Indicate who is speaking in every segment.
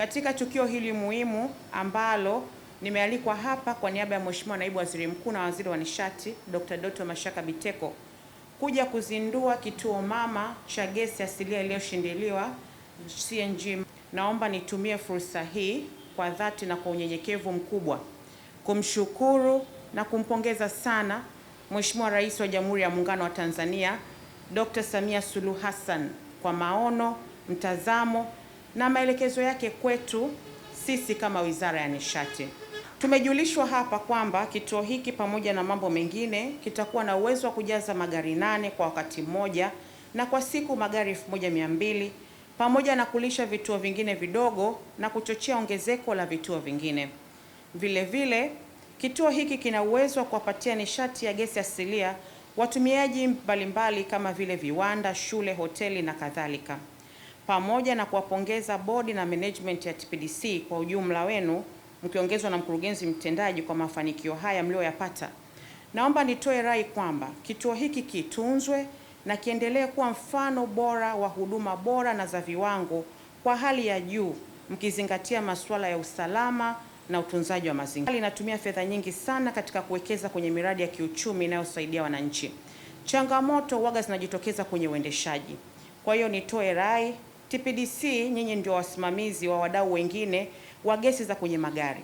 Speaker 1: Katika tukio hili muhimu ambalo nimealikwa hapa kwa niaba ya Mheshimiwa Naibu Waziri Mkuu na Waziri wa Nishati Dr. Doto Mashaka Biteko kuja kuzindua kituo mama cha gesi asilia iliyoshindiliwa CNG, naomba nitumie fursa hii kwa dhati na kwa unyenyekevu mkubwa kumshukuru na kumpongeza sana Mheshimiwa Rais wa Jamhuri ya Muungano wa Tanzania Dr. Samia Suluhu Hassan kwa maono, mtazamo na maelekezo yake kwetu sisi kama Wizara ya Nishati. Tumejulishwa hapa kwamba kituo hiki pamoja na mambo mengine kitakuwa na uwezo wa kujaza magari nane kwa wakati mmoja na kwa siku magari mbili pamoja na kulisha vituo vingine vidogo na kuchochea ongezeko la vituo vingine. Vile vile, kituo hiki kina uwezo wa kuwapatia nishati ya gesi asilia watumiaji mbalimbali kama vile viwanda, shule, hoteli na kadhalika pamoja na kuwapongeza bodi na management ya TPDC kwa ujumla wenu mkiongezwa na mkurugenzi mtendaji kwa mafanikio haya mlioyapata, naomba nitoe rai kwamba kituo hiki kitunzwe na kiendelee kuwa mfano bora wa huduma bora na za viwango kwa hali ya juu, mkizingatia masuala ya usalama na utunzaji wa mazingira. Inatumia fedha nyingi sana katika kuwekeza kwenye miradi ya kiuchumi inayosaidia wananchi. Changamoto waga zinajitokeza kwenye uendeshaji. Kwa hiyo nitoe rai TPDC nyinyi ndio wasimamizi wa wadau wengine wa gesi za kwenye magari,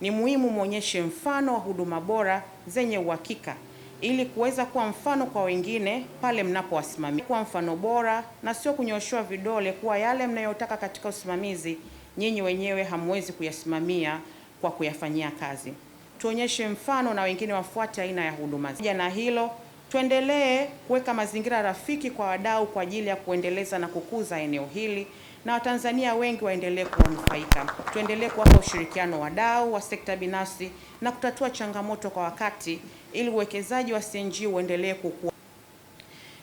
Speaker 1: ni muhimu muonyeshe mfano wa huduma bora zenye uhakika ili kuweza kuwa mfano kwa wengine pale mnapowasimamia. Kuwa mfano bora na sio kunyoshewa vidole kuwa yale mnayotaka katika usimamizi nyinyi wenyewe hamwezi kuyasimamia kwa kuyafanyia kazi. Tuonyeshe mfano na wengine wafuate aina ya huduma. Na hilo Tuendelee kuweka mazingira rafiki kwa wadau kwa ajili ya kuendeleza na kukuza eneo hili na Watanzania wengi waendelee kunufaika. Tuendelee kuwapa ushirikiano wadau wa sekta binafsi na kutatua changamoto kwa wakati ili uwekezaji wa CNG uendelee kukua.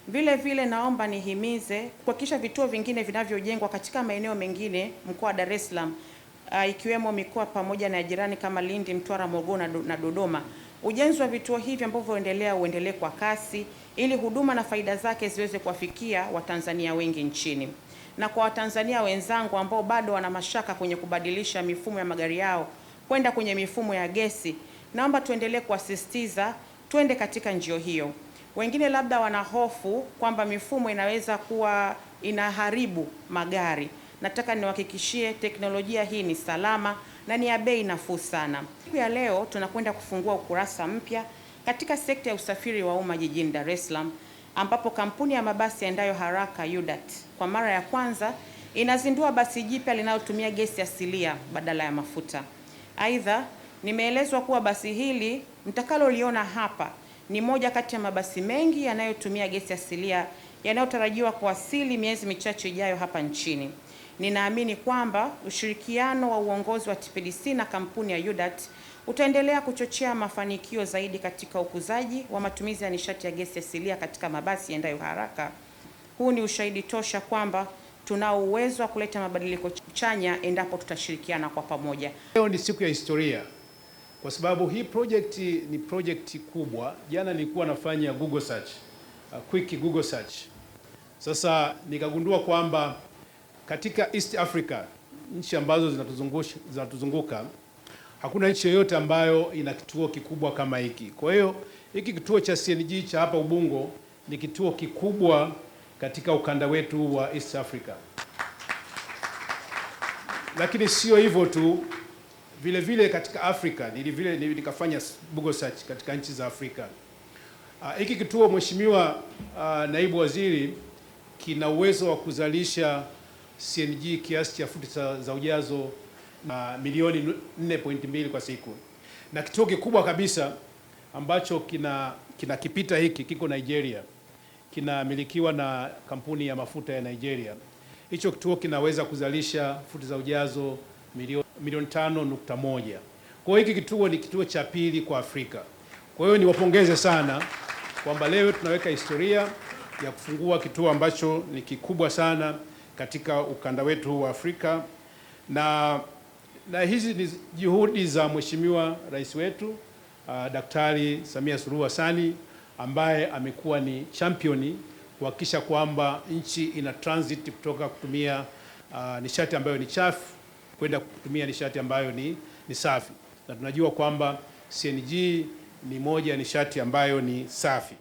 Speaker 1: Vile vile naomba nihimize kuhakikisha vituo vingine vinavyojengwa katika maeneo mengine mkoa wa Dar es Salaam, uh, ikiwemo mikoa pamoja na jirani kama Lindi, Mtwara, Morogoro na Dodoma Ujenzi wa vituo hivi ambavyo endelea uendelee kwa kasi ili huduma na faida zake ziweze kuwafikia Watanzania wengi nchini. Na kwa Watanzania wenzangu ambao bado wana mashaka kwenye kubadilisha mifumo ya magari yao kwenda kwenye mifumo ya gesi, naomba tuendelee kuasisitiza twende katika njio hiyo. Wengine labda wana hofu kwamba mifumo inaweza kuwa inaharibu magari nataka niwahakikishie teknolojia hii ni salama na ni ya bei nafuu sana. Siku ya leo tunakwenda kufungua ukurasa mpya katika sekta ya usafiri wa umma jijini Dar es Salaam, ambapo kampuni ya mabasi yaendayo haraka UDART kwa mara ya kwanza inazindua basi jipya linalotumia gesi asilia badala ya mafuta. Aidha, nimeelezwa kuwa basi hili mtakaloliona hapa ni moja kati ya mabasi mengi yanayotumia gesi asilia yanayotarajiwa kuwasili miezi michache ijayo hapa nchini. Ninaamini kwamba ushirikiano wa uongozi wa TPDC na kampuni ya Yudat utaendelea kuchochea mafanikio zaidi katika ukuzaji wa matumizi ya nishati ya gesi asilia katika mabasi yaendayo haraka. Huu ni ushahidi tosha kwamba tunao uwezo wa kuleta mabadiliko chanya endapo tutashirikiana kwa pamoja.
Speaker 2: Leo ni siku ya historia kwa sababu hii project ni project kubwa. Jana nilikuwa nafanya Google search, a quick Google search. Sasa nikagundua kwamba katika East Africa, nchi ambazo zinatuzunguka, hakuna nchi yoyote ambayo ina kituo kikubwa kama hiki. Kwa hiyo hiki kituo cha CNG cha hapa Ubungo ni kituo kikubwa katika ukanda wetu wa East Africa. Lakini sio hivyo tu, vile vile katika Afrika vile nikafanya Google search katika nchi za Afrika. Ah, hiki uh, kituo Mheshimiwa uh, Naibu Waziri, kina uwezo wa kuzalisha CNG kiasi cha futi za ujazo na uh, milioni 4.2 kwa siku, na kituo kikubwa kabisa ambacho kina kinakipita hiki kiko Nigeria, kinamilikiwa na kampuni ya mafuta ya Nigeria. Hicho kituo kinaweza kuzalisha futi za ujazo milioni milioni moja. Kwa hiyo hiki kituo ni kituo cha pili kwa Afrika. Kwa hiyo niwapongeze sana kwamba leo tunaweka historia ya kufungua kituo ambacho ni kikubwa sana katika ukanda wetu wa Afrika na, na hizi ni juhudi za Mheshimiwa Rais wetu uh, Daktari Samia Suluhu Hassan ambaye amekuwa ni championi kuhakikisha kwamba nchi ina transit kutoka kutumia uh, nishati ambayo ni chafu kwenda kutumia nishati ambayo ni, ni safi na tunajua kwamba CNG ni moja ya nishati ambayo ni safi.